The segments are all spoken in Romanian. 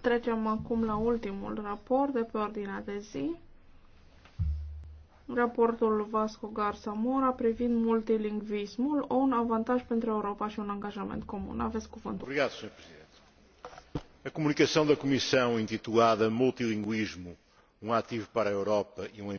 Trecem acum la ultimul raport de pe ordinea de zi. Raportul Vasco Garza Mora privind multilingvismul, o un avantaj pentru Europa și un angajament comun. Aveți cuvântul. Obrigado, Sr. Presidente. A comunicação da Comissão intitulada Multilinguismo, um ativo para a Europa e um...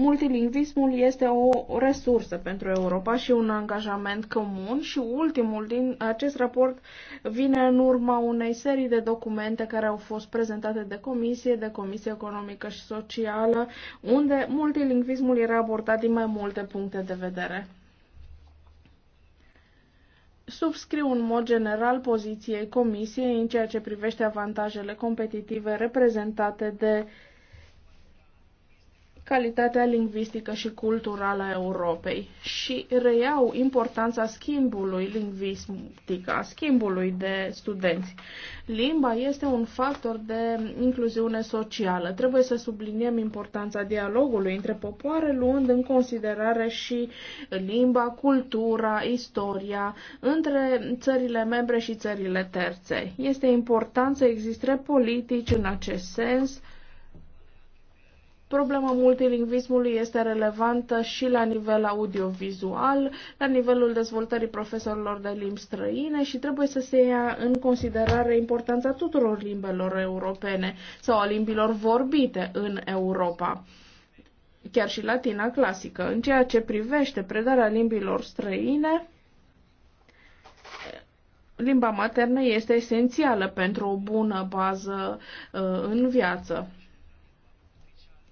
Multilingvismul este o resursă pentru Europa și un angajament comun și ultimul din acest raport vine în urma unei serii de documente care au fost prezentate de Comisie, de Comisie Economică și Socială, unde multilingvismul era abordat din mai multe puncte de vedere subscriu în mod general poziției Comisiei în ceea ce privește avantajele competitive reprezentate de calitatea lingvistică și culturală a Europei și reiau importanța schimbului lingvistic, a schimbului de studenți. Limba este un factor de incluziune socială. Trebuie să subliniem importanța dialogului între popoare, luând în considerare și limba, cultura, istoria între țările membre și țările terțe. Este important să existe politici în acest sens Problema multilingvismului este relevantă și la nivel audiovizual, la nivelul dezvoltării profesorilor de limbi străine și trebuie să se ia în considerare importanța tuturor limbelor europene sau a limbilor vorbite în Europa chiar și latina clasică. În ceea ce privește predarea limbilor străine, limba maternă este esențială pentru o bună bază uh, în viață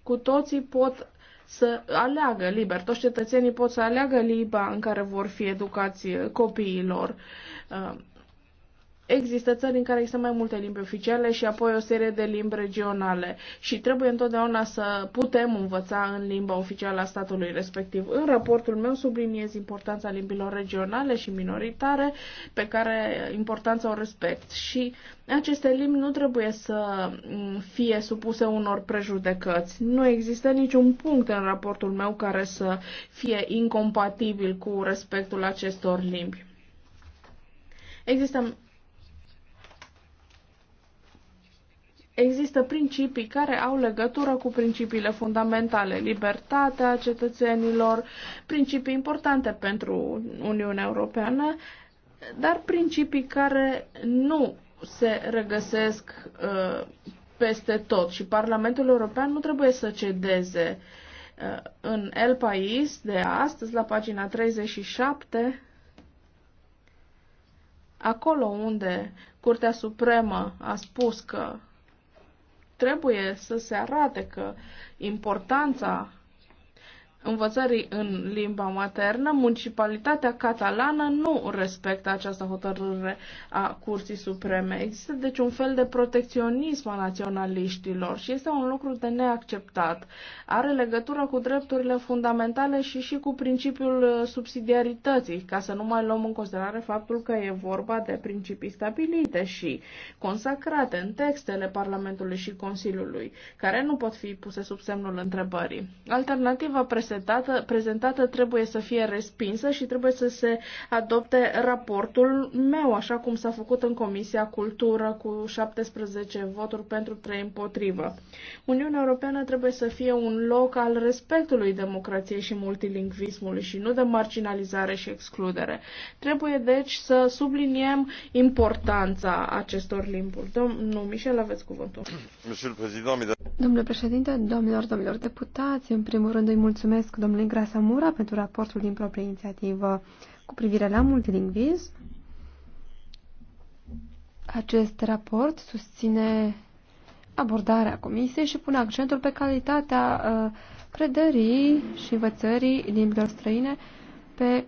cu toții pot să aleagă liber. Toți cetățenii pot să aleagă liba în care vor fi educați copiilor. Uh, Există țări în care există mai multe limbi oficiale și apoi o serie de limbi regionale și trebuie întotdeauna să putem învăța în limba oficială a statului respectiv. În raportul meu subliniez importanța limbilor regionale și minoritare pe care importanța o respect și aceste limbi nu trebuie să mm, fie supuse unor prejudecăți. Nu există niciun punct în raportul meu care să fie incompatibil cu respectul acestor limbi. Există există principii care au legătură cu principiile fundamentale, libertatea cetățenilor, principii importante pentru Uniunea Europeană, dar principii care nu se regăsesc uh, peste tot și Parlamentul European nu trebuie să cedeze. Uh, în El Pais de astăzi, la pagina 37, acolo unde Curtea Supremă a spus că trebuie să se arate că importanța învățării în limba maternă, municipalitatea catalană nu respectă această hotărâre a Curții Supreme. Există deci un fel de protecționism a naționaliștilor și este un lucru de neacceptat. Are legătură cu drepturile fundamentale și și cu principiul uh, subsidiarității, ca să nu mai luăm în considerare faptul că e vorba de principii stabilite și consacrate în textele Parlamentului și Consiliului, care nu pot fi puse sub semnul întrebării. Alternativa presentă prezentată, prezentată trebuie să fie respinsă și trebuie să se adopte raportul meu, așa cum s-a făcut în Comisia Cultură cu 17 voturi pentru 3 împotrivă. Uniunea Europeană trebuie să fie un loc al respectului democrației și multilingvismului și nu de marginalizare și excludere. Trebuie deci să subliniem importanța acestor limburi. Domnul Michel, aveți cuvântul. Domnule președinte, domnilor, domnilor deputați, în primul rând îi mulțumesc mulțumesc domnului Grasamura pentru raportul din proprie inițiativă cu privire la multilingvism. Acest raport susține abordarea comisiei și pune accentul pe calitatea uh, predării și învățării limbilor străine pe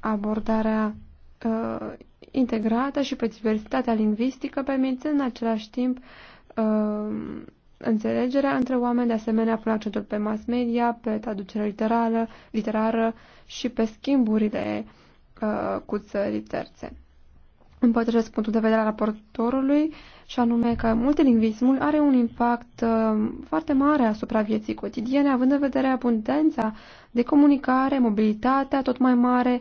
abordarea uh, integrată și pe diversitatea lingvistică, permițând în același timp uh, înțelegerea între oameni, de asemenea pun accentul pe mass media, pe traducerea literară, literară și pe schimburile uh, cu țări terțe. Împărtășesc punctul de vedere al raportorului și anume că multilingvismul are un impact uh, foarte mare asupra vieții cotidiene, având în vedere abundența de comunicare, mobilitatea tot mai mare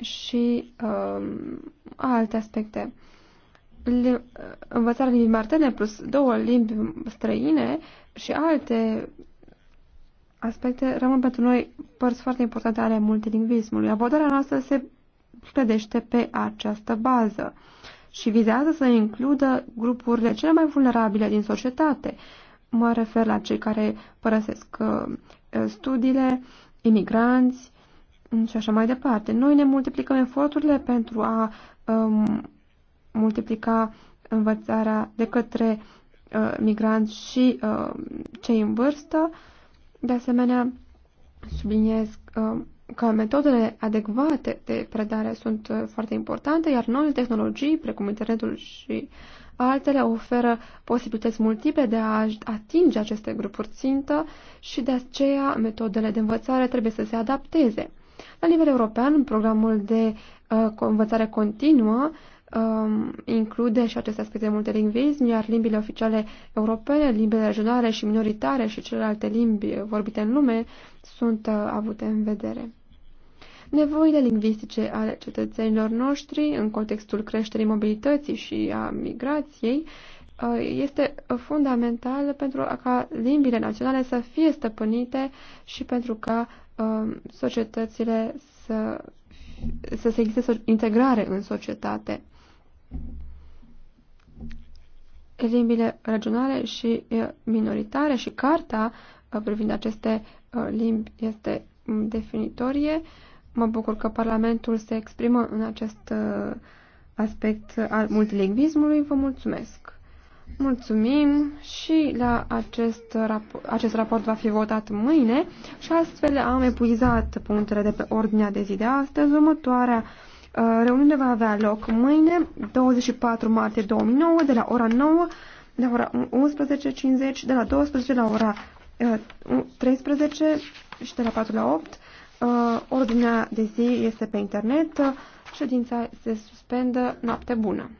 și uh, alte aspecte. Uh, învățarea limbii martene plus două limbi străine și alte aspecte rămân pentru noi părți foarte importante ale multilingvismului. Abordarea noastră se clădește pe această bază și vizează să includă grupurile cele mai vulnerabile din societate. Mă refer la cei care părăsesc uh, studiile, imigranți și așa mai departe. Noi ne multiplicăm eforturile pentru a um, multiplica învățarea de către uh, migranți și uh, cei în vârstă. De asemenea, subliniez uh, că metodele adecvate de predare sunt uh, foarte importante, iar noile tehnologii, precum internetul și altele, oferă posibilități multiple de a atinge aceste grupuri țintă și de aceea metodele de învățare trebuie să se adapteze. La nivel european, programul de uh, învățare continuă uh, um, include și aceste aspecte de multilingvism, iar limbile oficiale europene, limbile regionale și minoritare și celelalte limbi vorbite în lume sunt uh, avute în vedere. Nevoile lingvistice ale cetățenilor noștri în contextul creșterii mobilității și a migrației uh, este fundamental pentru ca limbile naționale să fie stăpânite și pentru ca um, societățile să, să se existe integrare în societate limbile regionale și minoritare și carta uh, privind aceste uh, limbi este mm, definitorie. Mă bucur că Parlamentul se exprimă în acest uh, aspect al multilingvismului. Vă mulțumesc! Mulțumim și la acest, rap- acest raport va fi votat mâine și astfel am epuizat punctele de pe ordinea de zi de astăzi. Următoarea Uh, reuniunea va avea loc mâine, 24 martie 2009, de la ora 9, de la ora 11.50, de la 12 la ora 13 uh, și de la 4 la 8. Uh, ordinea de zi este pe internet. Ședința se suspendă. Noapte bună!